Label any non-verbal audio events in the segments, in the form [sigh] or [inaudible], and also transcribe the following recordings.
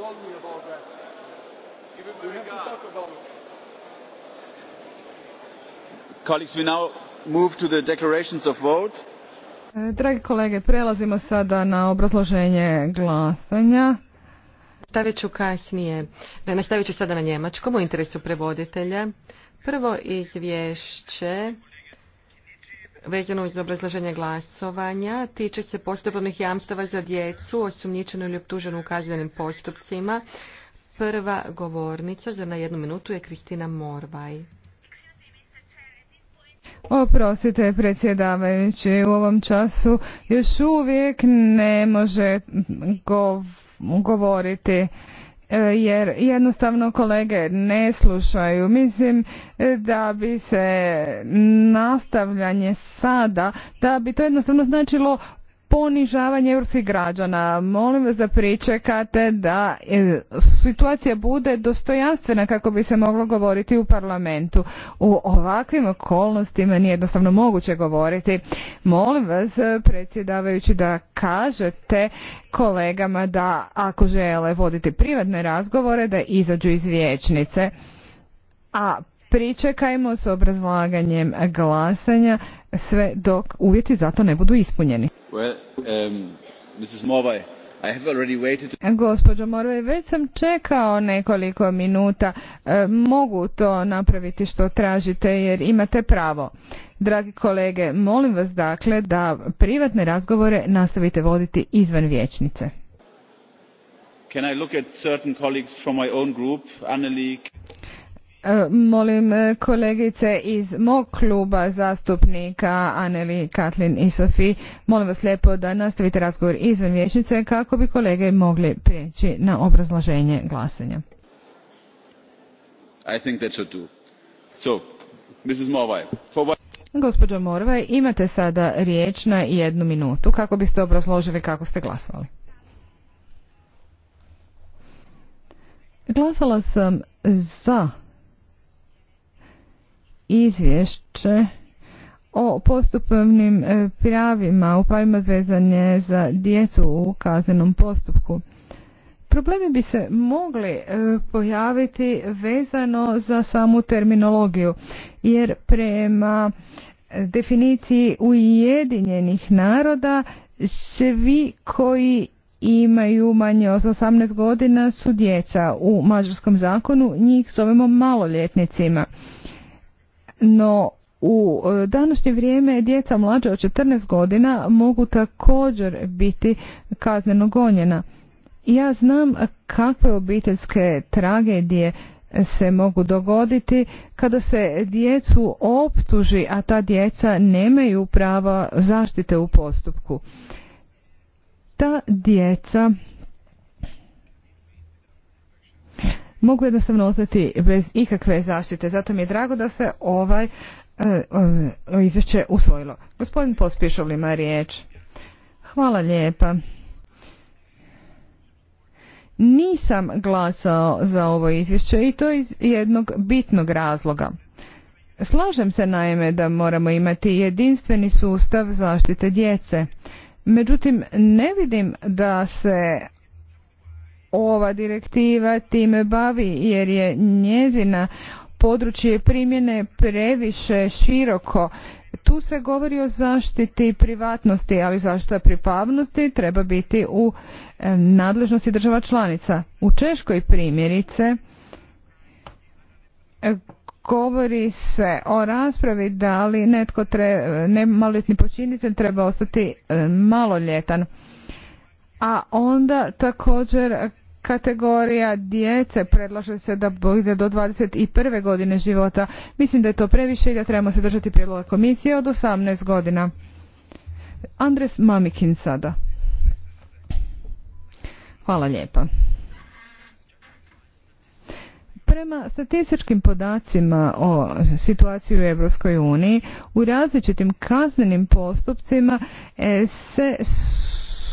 told me about that. Give him the regard. to talk about it. Colleagues, we now move to the declarations of vote. E, dragi kolege, prelazimo sada na obrazloženje glasanja. Stavit ću kasnije, ne, nastavit ću sada na njemačkom u interesu prevoditelja. Prvo izvješće vezano uz obrazlaženje glasovanja tiče se postupovnih jamstava za djecu osumnjičenu ili optuženu u kaznenim postupcima. Prva govornica za na jednu minutu je Kristina Morvaj. Oprostite predsjedavajući, u ovom času još uvijek ne može govoriti E, jer jednostavno kolege ne slušaju. Mislim e, da bi se nastavljanje sada, da bi to jednostavno značilo ponižavanje europskih građana. Molim vas da pričekate da e, situacija bude dostojanstvena kako bi se moglo govoriti u parlamentu. U ovakvim okolnostima nije jednostavno moguće govoriti. Molim vas e, predsjedavajući da kažete kolegama da ako žele voditi privatne razgovore da izađu iz vijećnice. A pričekajmo s obrazlaganjem glasanja sve dok uvjeti za to ne budu ispunjeni. Well, um, već sam čekao nekoliko minuta. E, mogu to napraviti što tražite jer imate pravo. Dragi kolege, molim vas dakle da privatne razgovore nastavite voditi izvan vječnice. E, molim e, kolegice iz mog kluba zastupnika Aneli, Katlin i Sofi, molim vas lijepo da nastavite razgovor izvan vječnice kako bi kolege mogli prijeći na obrazloženje glasanja. I think Morvaj, Gospođo Morvaj, imate sada riječ na jednu minutu kako biste obrazložili kako ste glasovali. Glasala sam za izvješće o postupovnim e, pravima, u pravima vezanje za djecu u kaznenom postupku. Problemi bi se mogli e, pojaviti vezano za samu terminologiju, jer prema definiciji Ujedinjenih naroda svi koji imaju manje od 18 godina su djeca. U mađarskom zakonu njih zovemo maloljetnicima. No, u e, današnje vrijeme djeca mlađa od 14 godina mogu također biti kazneno gonjena. Ja znam kakve obiteljske tragedije se mogu dogoditi kada se djecu optuži, a ta djeca nemaju prava zaštite u postupku. Ta djeca mogu jednostavno ostati bez ikakve zaštite. Zato mi je drago da se ovaj eh, eh, izvješće usvojilo. Gospodin Pospišov ima riječ. Hvala lijepa. Nisam glasao za ovo izvješće i to iz jednog bitnog razloga. Slažem se naime da moramo imati jedinstveni sustav zaštite djece. Međutim, ne vidim da se ova direktiva time bavi jer je njezina područje primjene previše široko. Tu se govori o zaštiti privatnosti, ali zaštita pripavnosti treba biti u nadležnosti država članica. U Češkoj primjerice govori se o raspravi da li netko treba, počinitelj treba ostati maloljetan. A onda također kategorija djece predlaže se da bude do 21. godine života. Mislim da je to previše i da trebamo se držati prijedloga komisije od 18 godina. Andres Mamikin sada. Hvala lijepa. Prema statističkim podacima o situaciji u Europskoj uniji, u različitim kaznenim postupcima e, se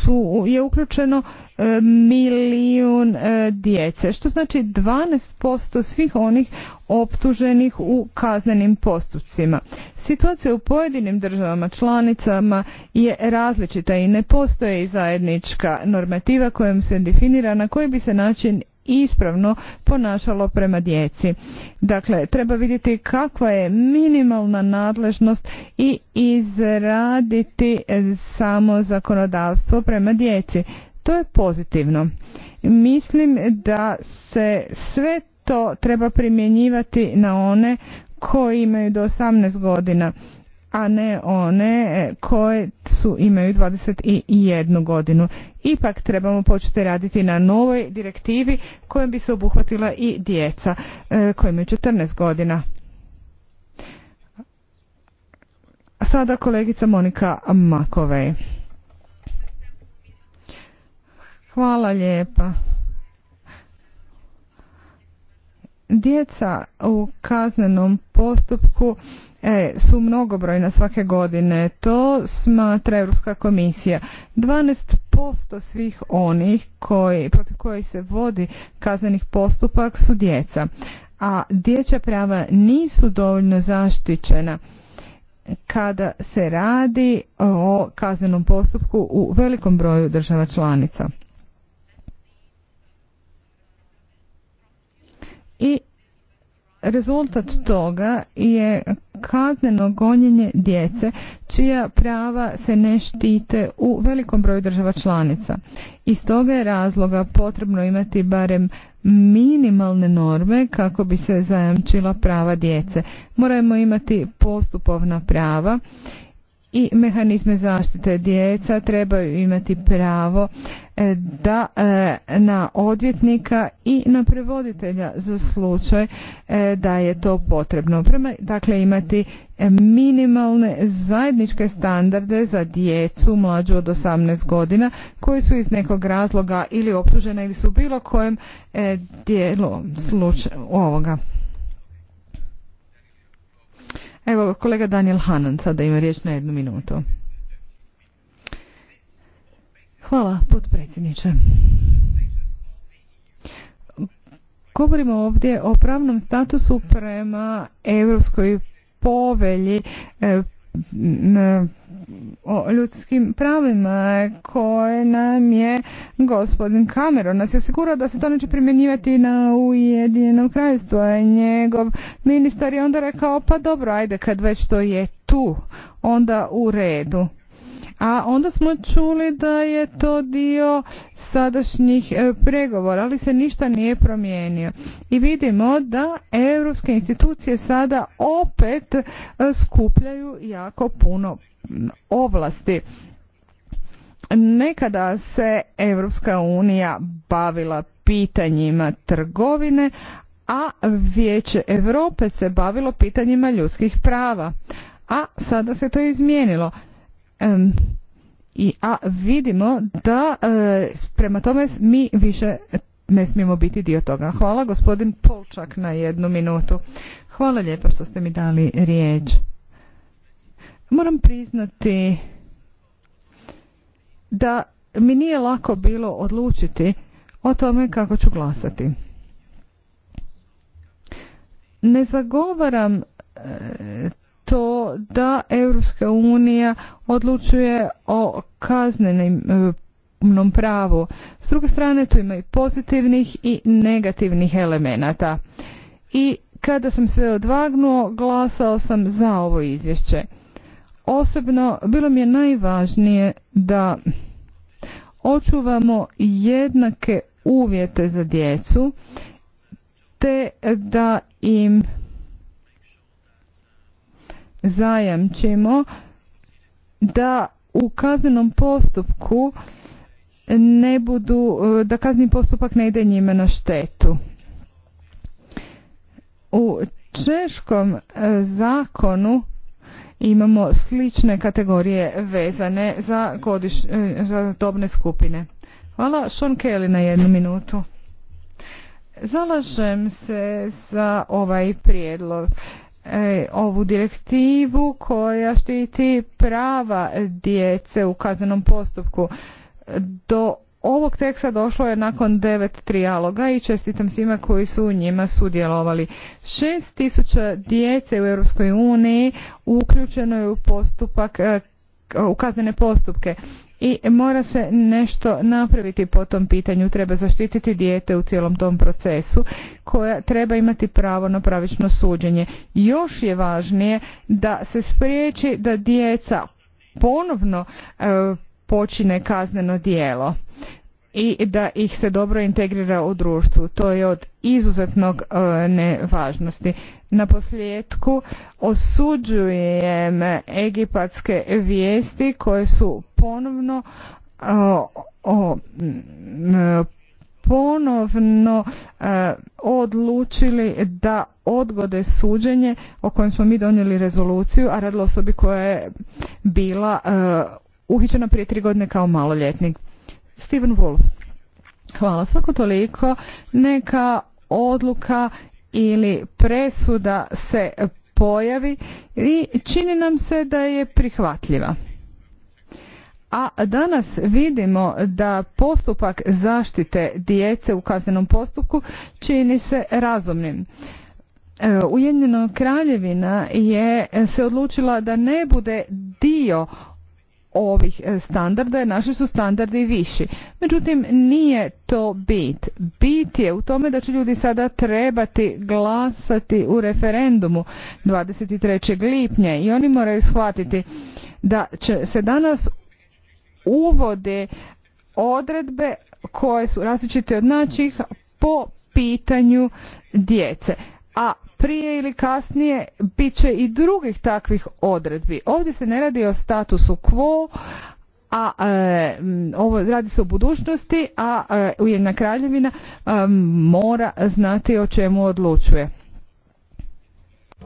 su, je uključeno e, milijun e, djece, što znači 12% svih onih optuženih u kaznenim postupcima. Situacija u pojedinim državama članicama je različita i ne postoje zajednička normativa kojom se definira na koji bi se način ispravno ponašalo prema djeci. Dakle, treba vidjeti kakva je minimalna nadležnost i izraditi samo zakonodavstvo prema djeci. To je pozitivno. Mislim da se sve to treba primjenjivati na one koji imaju do 18 godina a ne one e, koje su imaju 21 godinu. Ipak trebamo početi raditi na novoj direktivi kojom bi se obuhvatila i djeca e, koja imaju 14 godina. Sada kolegica Monika Makovej. Hvala lijepa. Djeca u kaznenom postupku e, su mnogobrojna svake godine. To smatra Europska komisija. 12% svih onih koji, protiv kojih se vodi kaznenih postupak su djeca. A dječja prava nisu dovoljno zaštićena kada se radi o kaznenom postupku u velikom broju država članica. i rezultat toga je kazneno gonjenje djece čija prava se ne štite u velikom broju država članica. Iz toga je razloga potrebno imati barem minimalne norme kako bi se zajamčila prava djece. Moramo imati postupovna prava i mehanizme zaštite djeca trebaju imati pravo e, da e, na odvjetnika i na prevoditelja za slučaj e, da je to potrebno. dakle, imati minimalne zajedničke standarde za djecu mlađu od 18 godina koji su iz nekog razloga ili optužena ili su u bilo kojem dijelu slučaju ovoga Evo, kolega Daniel Hanan sada ima riječ na jednu minutu. Hvala, potpredsjedniče. Govorimo ovdje o pravnom statusu prema Europskoj povelji eh, o ljudskim pravima koje nam je gospodin Cameron nas je osigurao da se to neće primjenjivati na Ujedinjenom krajstvo a njegov ministar je onda rekao pa dobro ajde kad već to je tu onda u redu a onda smo čuli da je to dio sadašnjih e, pregovora, ali se ništa nije promijenio. I vidimo da europske institucije sada opet e, skupljaju jako puno ovlasti. Nekada se Europska unija bavila pitanjima trgovine, a Vijeće Europe se bavilo pitanjima ljudskih prava. A sada se to izmijenilo i a vidimo da e, prema tome mi više ne smijemo biti dio toga. Hvala gospodin Polčak na jednu minutu. Hvala lijepo što ste mi dali riječ. Moram priznati da mi nije lako bilo odlučiti o tome kako ću glasati. Ne zagovaram e, to da Europska unija odlučuje o kaznenom e, pravu. S druge strane tu ima i pozitivnih i negativnih elemenata. I kada sam sve odvagnuo, glasao sam za ovo izvješće. Osobno bilo mi je najvažnije da očuvamo jednake uvjete za djecu te da im zajamčimo da u kaznenom postupku ne budu, da kazni postupak ne ide njime na štetu. U češkom e, zakonu imamo slične kategorije vezane za, godiš, e, za dobne skupine. Hvala, Sean Kelly na jednu minutu. Zalažem se za ovaj prijedlog E, ovu direktivu koja štiti prava djece u kaznenom postupku. Do ovog teksta došlo je nakon devet trijaloga i čestitam svima koji su u njima sudjelovali. Šest tisuća djece u Europskoj uniji uključeno je u postupak e, u kaznene postupke i mora se nešto napraviti po tom pitanju. Treba zaštititi dijete u cijelom tom procesu koja treba imati pravo na pravično suđenje. Još je važnije da se spriječi da djeca ponovno e, počine kazneno djelo i da ih se dobro integrira u društvu. To je od izuzetnog e, nevažnosti. Na posljedku osuđujem egipatske vijesti koje su ponovno e, ponovno e, odlučili da odgode suđenje o kojem smo mi donijeli rezoluciju, a radilo osobi koja je bila e, uhićena prije tri godine kao maloljetnik. Steven Wolf. Hvala. Svako toliko neka odluka ili presuda se pojavi i čini nam se da je prihvatljiva. A danas vidimo da postupak zaštite djece u kaznenom postupku čini se razumnim. E, Ujedinjena kraljevina je se odlučila da ne bude dio ovih e, standarda, jer naši su standardi viši. Međutim, nije to bit. Bit je u tome da će ljudi sada trebati glasati u referendumu 23. lipnja i oni moraju shvatiti da će se danas uvode odredbe koje su različite od naših po pitanju djece. A prije ili kasnije bit će i drugih takvih odredbi. Ovdje se ne radi o statusu quo, a e, mm, ovo radi se o budućnosti, a e, Ujedna kraljevina e, mora znati o čemu odlučuje.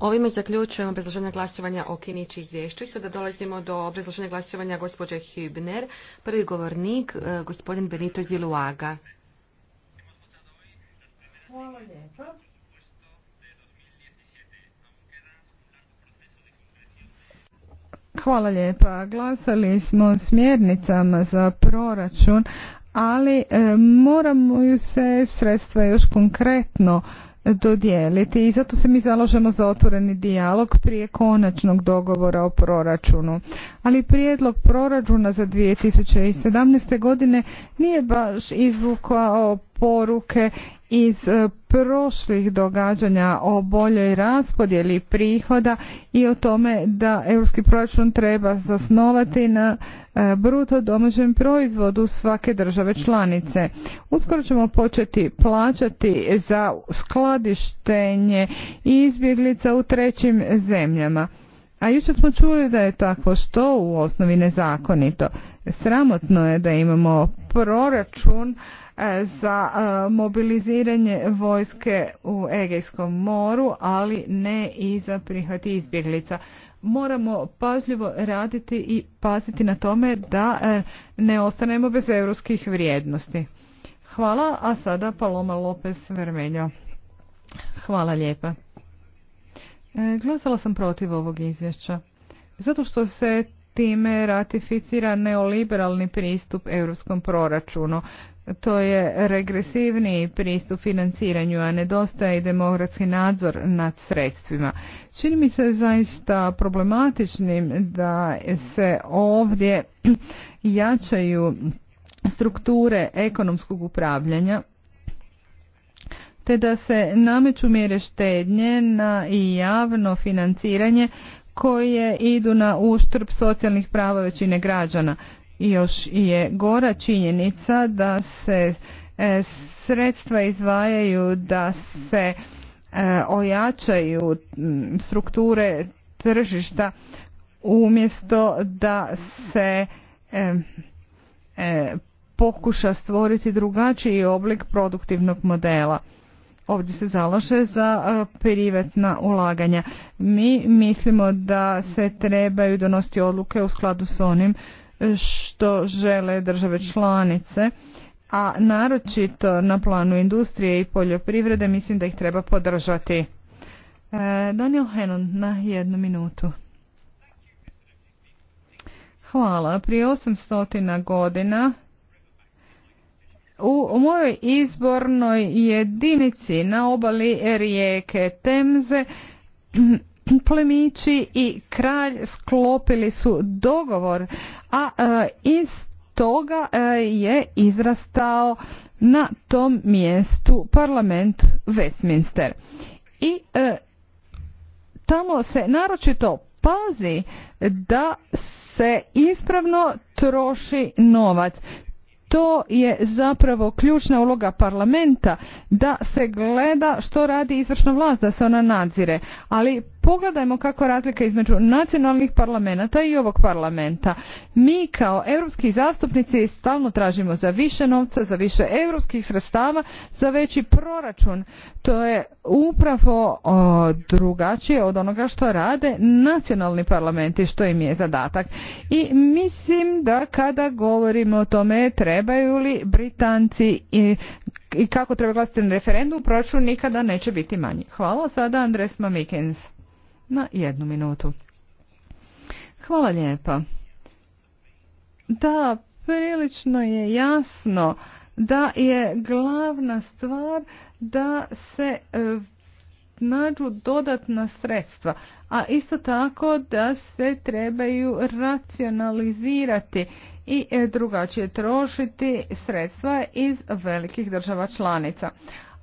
Ovime zaključujemo obrazloženje glasovanja o Kinići izvješću i sada dolazimo do obrazloženja glasovanja gospođe Hübner. Prvi govornik, gospodin Benito Ziluaga. Hvala Hvala lijepa. Glasali smo smjernicama za proračun, ali e, moramo ju se sredstva još konkretno dodijeliti i zato se mi zalažemo za otvoreni dijalog prije konačnog dogovora o proračunu. Ali prijedlog proračuna za 2017. godine nije baš izvukao poruke iz e, prošlih događanja o boljoj raspodjeli prihoda i o tome da europski proračun treba zasnovati na e, bruto domaćem proizvodu svake države članice. Uskoro ćemo početi plaćati za skladištenje izbjeglica u trećim zemljama. A jučer smo čuli da je tako što u osnovi nezakonito. Sramotno je da imamo proračun za e, mobiliziranje vojske u Egejskom moru, ali ne i za prihvat izbjeglica. Moramo pažljivo raditi i paziti na tome da e, ne ostanemo bez europskih vrijednosti. Hvala, a sada Paloma Lopez Vermeljo. Hvala lijepa. E, glasala sam protiv ovog izvješća. Zato što se time ratificira neoliberalni pristup europskom proračunu. To je regresivni pristup financiranju, a nedostaje i demokratski nadzor nad sredstvima. Čini mi se zaista problematičnim da se ovdje [clears throat] jačaju strukture ekonomskog upravljanja te da se nameću mjere štednje na i javno financiranje koje idu na uštrb socijalnih prava većine građana još je gora činjenica da se e, sredstva izvajaju da se e, ojačaju strukture tržišta umjesto da se e, pokuša stvoriti drugačiji oblik produktivnog modela. Ovdje se zalaže za privatna ulaganja. Mi mislimo da se trebaju donositi odluke u skladu s onim što žele države članice, a naročito na planu industrije i poljoprivrede mislim da ih treba podržati. E, Daniel Henon na jednu minutu. Hvala. Prije 800 godina u mojoj izbornoj jedinici na obali rijeke Temze plemići i kralj sklopili su dogovor, a e, iz toga e, je izrastao na tom mjestu parlament Westminster. I e, tamo se naročito pazi da se ispravno troši novac. To je zapravo ključna uloga parlamenta da se gleda što radi izvršna vlast, da se ona nadzire. Ali Pogledajmo kako razlika između nacionalnih parlamenta i ovog parlamenta. Mi kao europski zastupnici stalno tražimo za više novca, za više europskih sredstava, za veći proračun. To je upravo drugačije od onoga što rade nacionalni parlamenti, što im je zadatak. I mislim da kada govorimo o tome trebaju li Britanci i, i kako treba glasiti na referendum, proračun nikada neće biti manji. Hvala sada Andres Mamikens na jednu minutu. Hvala lijepa. Da, prilično je jasno da je glavna stvar da se e, nađu dodatna sredstva, a isto tako da se trebaju racionalizirati i e, drugačije trošiti sredstva iz velikih država članica.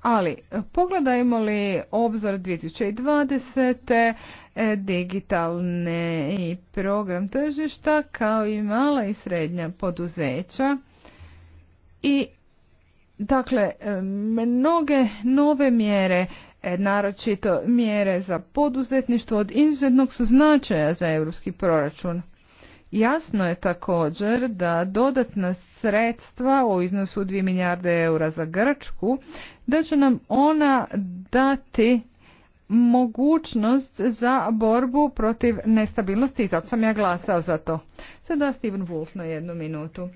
Ali pogledajmo li obzor 2020. E, digitalne i program tržišta kao i mala i srednja poduzeća i dakle e, mnoge nove mjere e, naročito mjere za poduzetništvo od izuzetnog su značaja za europski proračun. Jasno je također da dodatna sredstva u iznosu 2 milijarde eura za Grčku, da će nam ona dati mogućnost za borbu protiv nestabilnosti i zato sam ja glasao za to. Sada Steven Wolf na jednu minutu.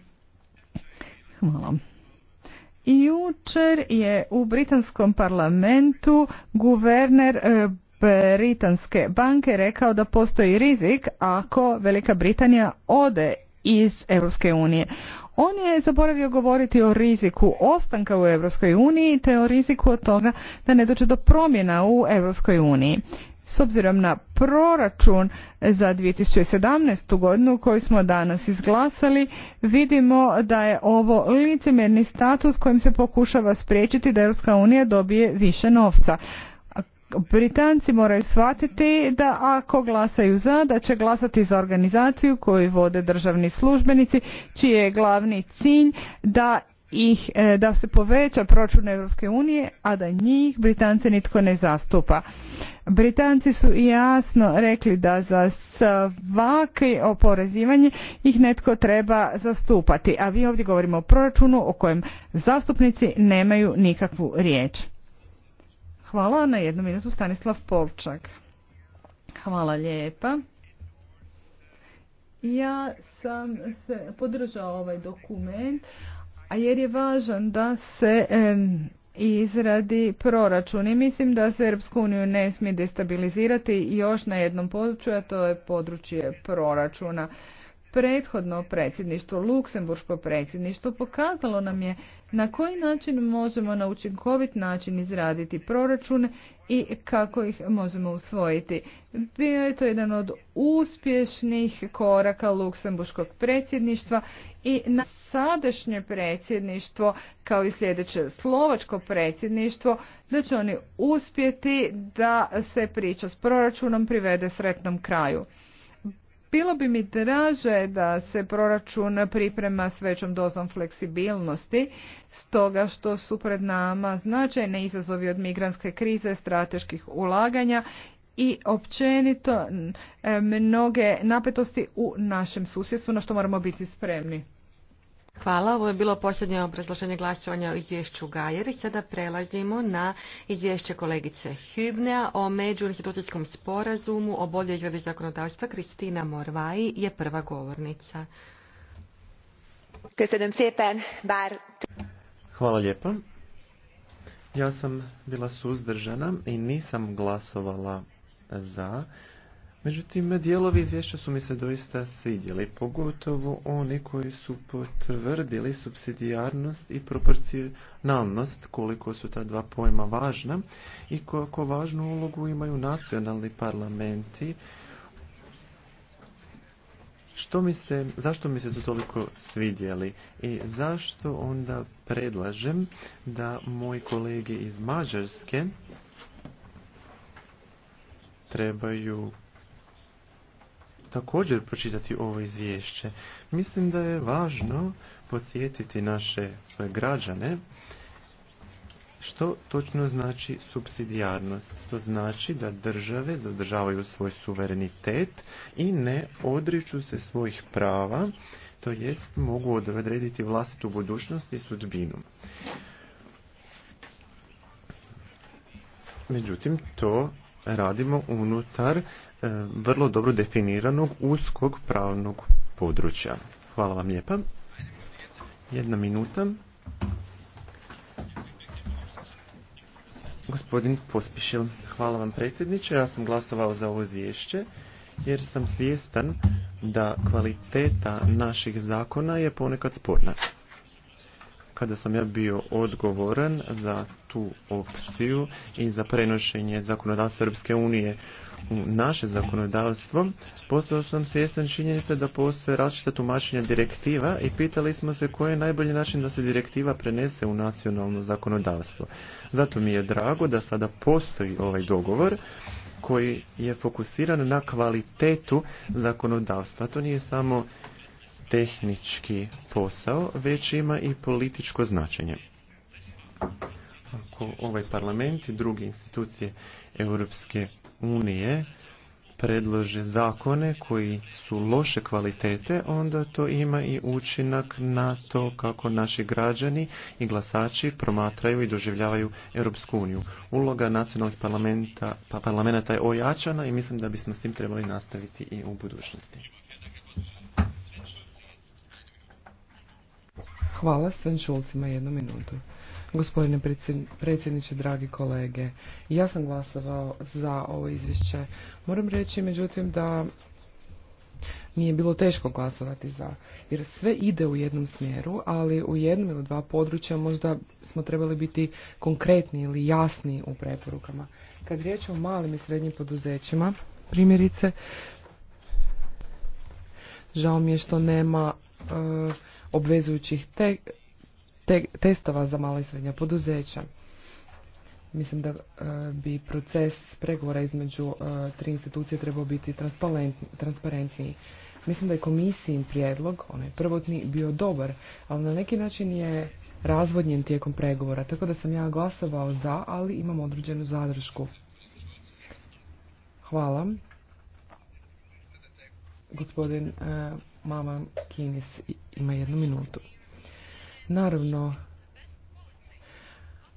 Hvala. Jučer je u britanskom parlamentu guverner e, Britanske banke rekao da postoji rizik ako Velika Britanija ode iz Europske unije. On je zaboravio govoriti o riziku ostanka u Europskoj uniji te o riziku od toga da ne dođe do promjena u Europskoj uniji. S obzirom na proračun za 2017. godinu koji smo danas izglasali, vidimo da je ovo licemjerni status kojim se pokušava spriječiti da Europska unija dobije više novca. Britanci moraju shvatiti da ako glasaju za, da će glasati za organizaciju koju vode državni službenici, čiji je glavni cilj da ih, e, da se poveća proračun Europske unije, a da njih Britance nitko ne zastupa. Britanci su jasno rekli da za svaki oporezivanje ih netko treba zastupati, a vi ovdje govorimo o proračunu o kojem zastupnici nemaju nikakvu riječ. Hvala na jednu minutu Stanislav Polčak. Hvala lijepa. Ja sam se podržao ovaj dokument, a jer je važan da se izradi proračun i mislim da se Europsku uniju ne smije destabilizirati još na jednom području, a to je područje proračuna prethodno predsjedništvo, luksemburško predsjedništvo, pokazalo nam je na koji način možemo na učinkovit način izraditi proračune i kako ih možemo usvojiti. Bio je to jedan od uspješnih koraka luksemburškog predsjedništva i na sadašnje predsjedništvo, kao i sljedeće slovačko predsjedništvo, da će oni uspjeti da se priča s proračunom privede sretnom kraju. Bilo bi mi draže da se proračun priprema s većom dozom fleksibilnosti, stoga što su pred nama značajne izazovi od migranske krize, strateških ulaganja i općenito e, mnoge napetosti u našem susjedstvu na što moramo biti spremni. Hvala. Ovo je bilo posljednje obrazloženje glasovanja o izvješću Gajer i sada prelazimo na izvješće kolegice Hübnea o međuinstitucijskom sporazumu o bolje izradi zakonodavstva. Kristina Morvaji je prva govornica. Hvala lijepa. Ja sam bila suzdržana i nisam glasovala za Međutim, dijelovi izvješća su mi se doista svidjeli, pogotovo oni koji su potvrdili subsidijarnost i proporcionalnost, koliko su ta dva pojma važna i koliko važnu ulogu imaju nacionalni parlamenti. Što mi se, zašto mi se to toliko svidjeli i zašto onda predlažem da moji kolege iz Mađarske trebaju također pročitati ovo izvješće. Mislim da je važno podsjetiti naše svoje građane što točno znači subsidijarnost? To znači da države zadržavaju svoj suverenitet i ne odriču se svojih prava, to jest mogu odrediti vlastitu budućnost i sudbinu. Međutim, to radimo unutar E, vrlo dobro definiranog uskog pravnog područja. Hvala vam lijepa. Jedna minuta. Gospodin Pospišil, hvala vam predsjedniče. Ja sam glasovao za ovo izvješće jer sam svjestan da kvaliteta naših zakona je ponekad sporna kada sam ja bio odgovoran za tu opciju i za prenošenje zakonodavstva Europske unije u naše zakonodavstvo, postao sam svjestan činjenice da postoje različita tumačenja direktiva i pitali smo se koji je najbolji način da se direktiva prenese u nacionalno zakonodavstvo. Zato mi je drago da sada postoji ovaj dogovor koji je fokusiran na kvalitetu zakonodavstva. To nije samo tehnički posao, već ima i političko značenje. Ako ovaj parlament i druge institucije Europske unije predlože zakone koji su loše kvalitete, onda to ima i učinak na to kako naši građani i glasači promatraju i doživljavaju Europsku uniju. Uloga nacionalnih parlamenta, pa parlamenta je ojačana i mislim da bismo s tim trebali nastaviti i u budućnosti. Hvala Sven Šulcima jednu minutu. Gospodine predsjedniče, dragi kolege, ja sam glasovao za ovo izvješće. Moram reći, međutim, da mi je bilo teško glasovati za, jer sve ide u jednom smjeru, ali u jednom ili dva područja možda smo trebali biti konkretni ili jasni u preporukama. Kad riječ o malim i srednjim poduzećima, primjerice, žao mi je što nema... E, obvezujućih te, testova za mala i srednja poduzeća. Mislim da e, bi proces pregovora između e, tri institucije trebao biti transparentniji. Mislim da je komisijin prijedlog, onaj prvotni, bio dobar, ali na neki način je razvodnjen tijekom pregovora, tako da sam ja glasovao za, ali imam određenu zadršku. Hvala. Gospodin e, Mama Kinis ima jednu minutu. Naravno,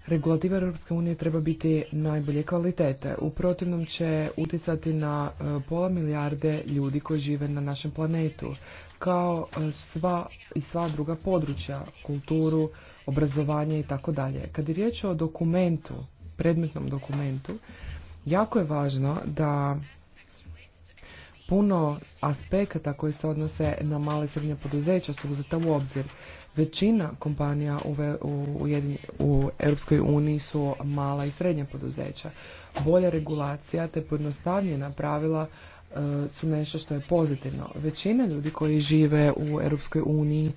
regulativa Europske unije treba biti najbolje kvalitete. U protivnom će utjecati na e, pola milijarde ljudi koji žive na našem planetu, kao e, sva i sva druga područja, kulturu, obrazovanje i tako dalje. Kad je riječ o dokumentu, predmetnom dokumentu, jako je važno da puno aspekata koji se odnose na male i srednje poduzeća su uzeta u obzir. Većina kompanija u, u, u Europskoj uniji su mala i srednja poduzeća. Bolja regulacija te pojednostavljena pravila E, su nešto što je pozitivno. Većina ljudi koji žive u Europskoj uniji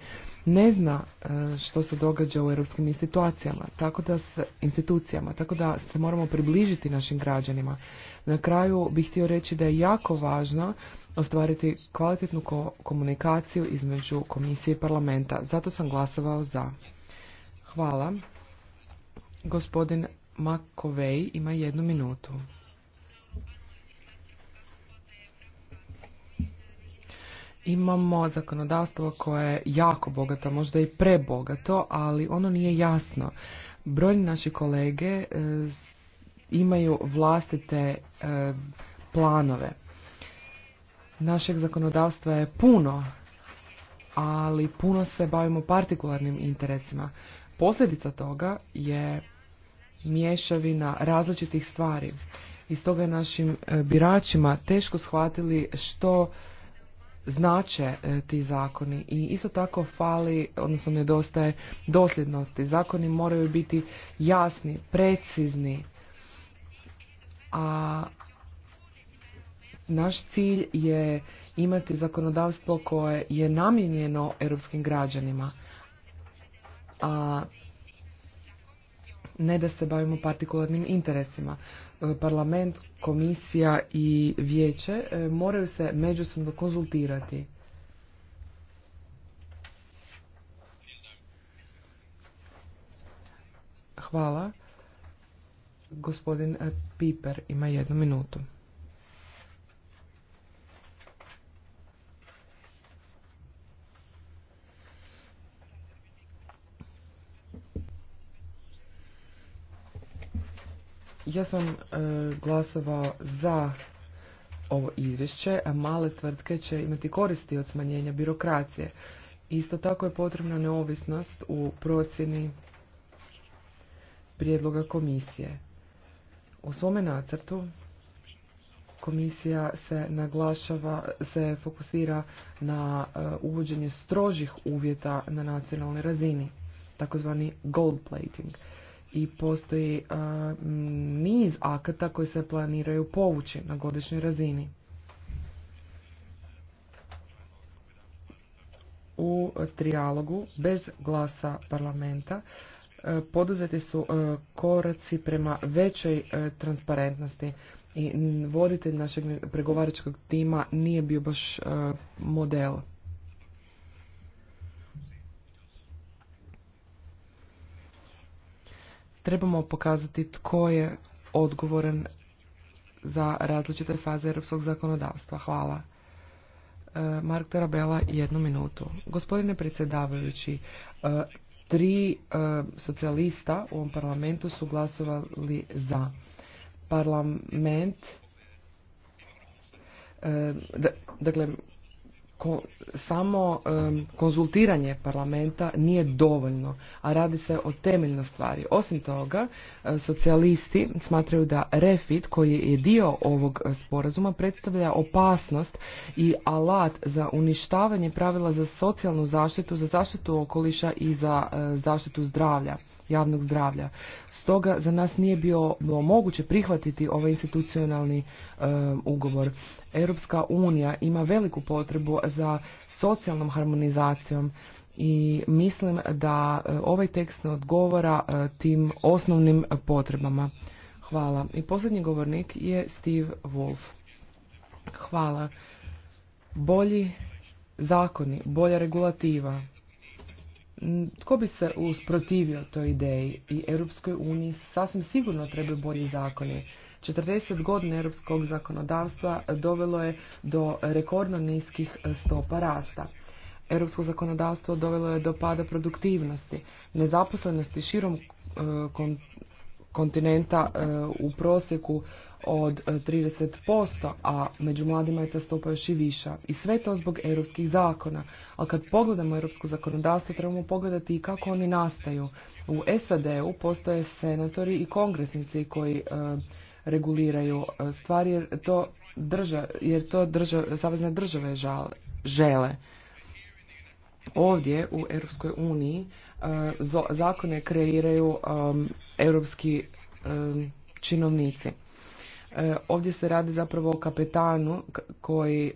ne zna e, što se događa u europskim institucijama, tako da se, institucijama, tako da se moramo približiti našim građanima. Na kraju bih htio reći da je jako važno ostvariti kvalitetnu komunikaciju između komisije i parlamenta. Zato sam glasovao za. Hvala. Gospodin Makovej ima jednu minutu. Imamo zakonodavstvo koje je jako bogato, možda i prebogato, ali ono nije jasno. Brojni naši kolege e, imaju vlastite e, planove. Našeg zakonodavstva je puno, ali puno se bavimo partikularnim interesima. Posljedica toga je mješavina različitih stvari. I stoga je našim e, biračima teško shvatili što znače e, ti zakoni i isto tako fali, odnosno nedostaje dosljednosti. Zakoni moraju biti jasni, precizni, a naš cilj je imati zakonodavstvo koje je namijenjeno europskim građanima, a ne da se bavimo partikularnim interesima parlament, komisija i vijeće e, moraju se međusobno konzultirati. Hvala. Gospodin Piper ima jednu minutu. Ja sam e, glasovao za ovo izvješće, a male tvrtke će imati koristi od smanjenja birokracije. Isto tako je potrebna neovisnost u procjeni prijedloga komisije. U svome nacrtu komisija se naglašava, se fokusira na e, uvođenje strožih uvjeta na nacionalnoj razini, takozvani gold plating i postoji niz akata koji se planiraju povući na godišnjoj razini. U trijalogu bez glasa parlamenta e, poduzeti su e, koraci prema većoj e, transparentnosti i voditelj našeg pregovaračkog tima nije bio baš model. Trebamo pokazati tko je odgovoran za različite faze europskog zakonodavstva. Hvala. E, Mark Tarabela, jednu minutu. Gospodine predsjedavajući, e, tri e, socijalista u ovom parlamentu su glasovali za. Parlament, dakle, ko, samo konzultiranje parlamenta nije dovoljno, a radi se o temeljnoj stvari. Osim toga, e, socijalisti smatraju da refit koji je dio ovog e, sporazuma predstavlja opasnost i alat za uništavanje pravila za socijalnu zaštitu, za zaštitu okoliša i za e, zaštitu zdravlja javnog zdravlja. Stoga za nas nije bilo moguće prihvatiti ovaj institucionalni e, ugovor. Europska unija ima veliku potrebu za socijalnom harmonizacijom i mislim da e, ovaj tekst ne odgovara e, tim osnovnim potrebama. Hvala. I posljednji govornik je Steve Wolf. Hvala. Bolji zakoni, bolja regulativa, tko bi se usprotivio toj ideji i Europskoj uniji sasvim sigurno trebaju bolji zakoni. 40 godina europskog zakonodavstva dovelo je do rekordno niskih stopa rasta. Europsko zakonodavstvo dovelo je do pada produktivnosti, nezaposlenosti širom eh, kontinenta eh, u prosjeku od 30%, e, a među mladima je ta stopa još i viša. I sve to zbog europskih zakona. A kad pogledamo europsko zakonodavstvo, trebamo pogledati i kako oni nastaju. U SAD-u postoje senatori i kongresnici koji e, reguliraju e, stvari jer to drža, jer to drža, savezne države žale, žele. Ovdje u Europskoj uniji zakone kreiraju europski činovnici. E, ovdje se radi zapravo o kapetanu koji e,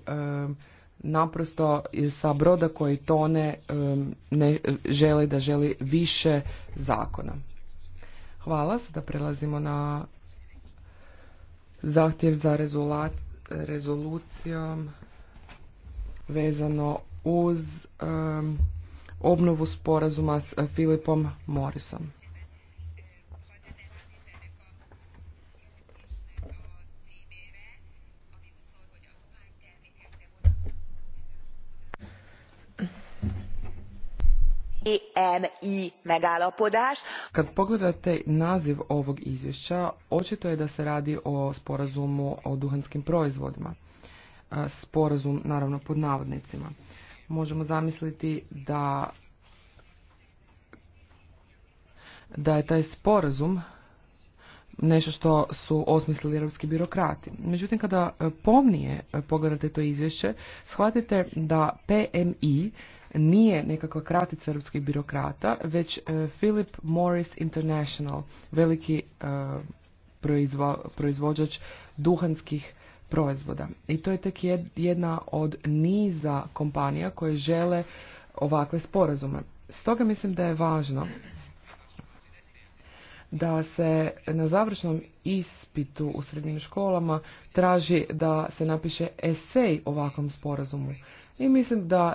naprosto sa broda koji tone e, ne želi da želi više zakona. Hvala, sada prelazimo na zahtjev za rezolucijom vezano uz obnovu sporazuma s Filipom Morisom. EMI Kad pogledate naziv ovog izvješća, očito je da se radi o sporazumu o duhanskim proizvodima. E, sporazum, naravno, pod navodnicima. Možemo zamisliti da da je taj sporazum nešto što su osmislili europski birokrati. Međutim, kada pomnije pogledate to izvješće, shvatite da PMI nije nekakva kratica europskih birokrata, već e, Philip Morris International, veliki e, proizvođač duhanskih proizvoda. I to je tek jedna od niza kompanija koje žele ovakve sporazume. Stoga mislim da je važno da se na završnom ispitu u srednjim školama traži da se napiše esej ovakvom sporazumu. I mislim da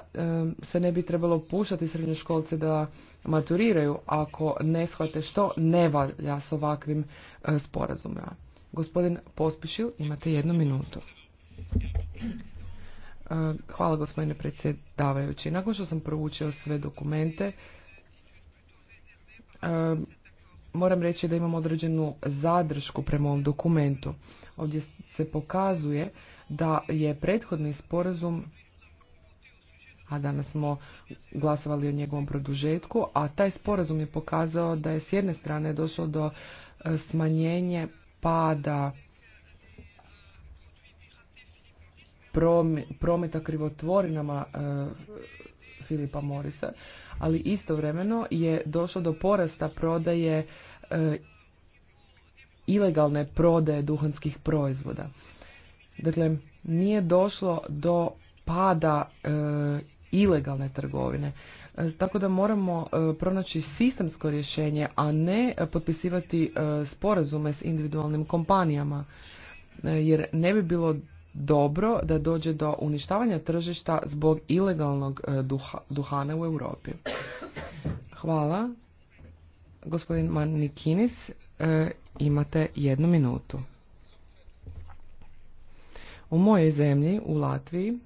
se ne bi trebalo puštati srednjoškolce da maturiraju ako ne shvate što ne valja s ovakvim e, sporazumima. Gospodin Pospišil, imate jednu minutu. E, hvala gospodine predsjedavajući. Nakon što sam proučio sve dokumente, e, moram reći da imam određenu zadršku prema ovom dokumentu. Ovdje se pokazuje da je prethodni sporazum a danas smo glasovali o njegovom produžetku, a taj sporazum je pokazao da je s jedne strane došlo do e, smanjenje pada prometa krivotvorinama e, Filipa Morisa, ali istovremeno je došlo do porasta prodaje e, ilegalne prodaje duhanskih proizvoda. Dakle, nije došlo do pada e, ilegalne trgovine. E, tako da moramo pronaći sistemsko rješenje, a ne potpisivati sporazume s individualnim kompanijama, jer ne bi bilo dobro da dođe do uništavanja tržišta zbog ilegalnog e, duhana u Europi. Hvala. Gospodin Manikinis, e, imate jednu minutu. U mojoj zemlji, u Latviji,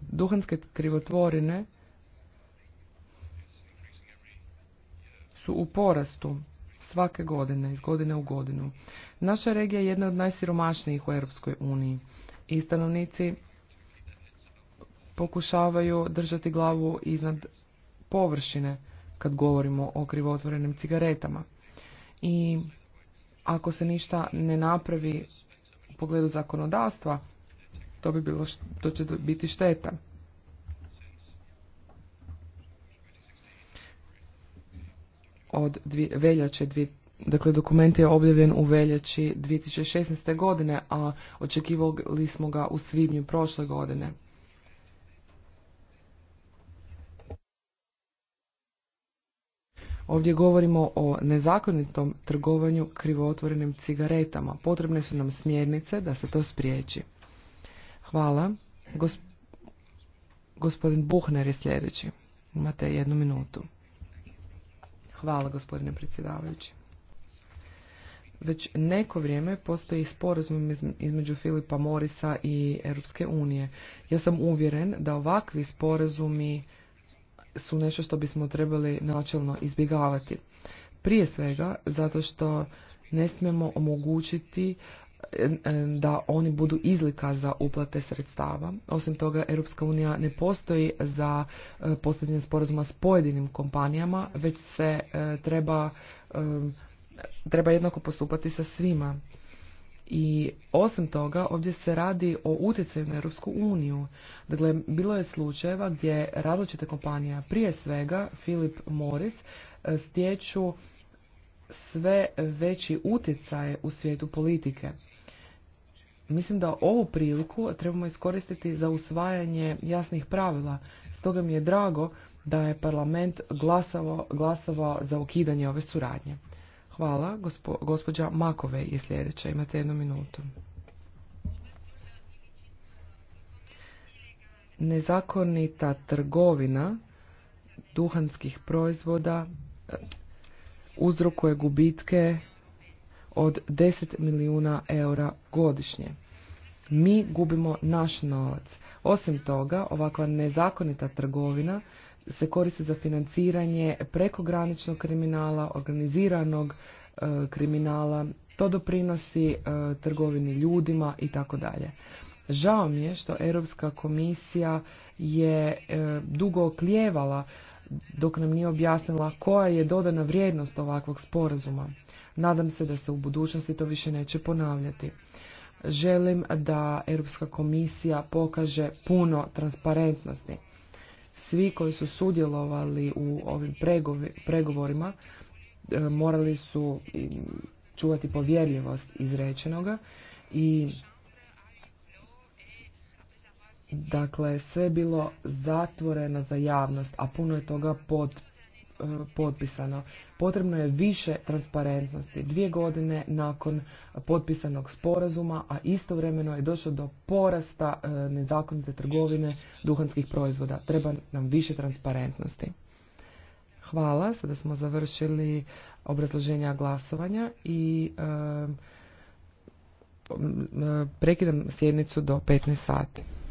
duhanske krivotvorine su u porastu svake godine, iz godine u godinu. Naša regija je jedna od najsiromašnijih u Europskoj uniji i stanovnici pokušavaju držati glavu iznad površine kad govorimo o krivotvorenim cigaretama. I ako se ništa ne napravi u pogledu zakonodavstva, to bi bilo to će biti šteta. Od dvije, veljače Dakle, dokument je objavljen u veljači 2016. godine, a očekivali smo ga u svibnju prošle godine. Ovdje govorimo o nezakonitom trgovanju krivotvorenim cigaretama. Potrebne su nam smjernice da se to spriječi. Hvala. gospodin Buhner je sljedeći. Imate jednu minutu. Hvala gospodine predsjedavajući već neko vrijeme postoji sporazum između Filipa Morisa i Europske unije. Ja sam uvjeren da ovakvi sporazumi su nešto što bismo trebali načelno izbjegavati. Prije svega zato što ne smijemo omogućiti da oni budu izlika za uplate sredstava. Osim toga, Europska unija ne postoji za e, postavljanje sporazuma s pojedinim kompanijama, već se e, treba treba jednako postupati sa svima. I osim toga, ovdje se radi o utjecaju na Europsku uniju. Dakle, bilo je slučajeva gdje različite kompanije, prije svega Philip Morris, e, stječu sve veći utjecaje u svijetu politike. Mislim da ovu priliku trebamo iskoristiti za usvajanje jasnih pravila. Stoga mi je drago da je parlament glasovao za ukidanje ove suradnje. Hvala. Gospo, gospođa Makove je sljedeća. Imate jednu minutu. Nezakonita trgovina duhanskih proizvoda eh, uzrokuje gubitke od 10 milijuna eura godišnje. Mi gubimo naš novac. Osim toga, ovakva nezakonita trgovina se koriste za financiranje prekograničnog kriminala, organiziranog e, kriminala, to doprinosi e, trgovini ljudima i tako dalje. Žao mi je što Europska komisija je e, dugo oklijevala dok nam nije objasnila koja je dodana vrijednost ovakvog sporazuma. Nadam se da se u budućnosti to više neće ponavljati. Želim da Europska komisija pokaže puno transparentnosti svi koji su sudjelovali u ovim pregovorima e, morali su čuvati povjerljivost izrečenoga i dakle sve je bilo zatvoreno za javnost, a puno je toga pod potpisano. Potrebno je više transparentnosti. Dvije godine nakon potpisanog sporazuma, a istovremeno je došlo do porasta e, nezakonite trgovine duhanskih proizvoda. Treba nam više transparentnosti. Hvala, sada smo završili obrazloženja glasovanja i e, prekidam sjednicu do 15 sati.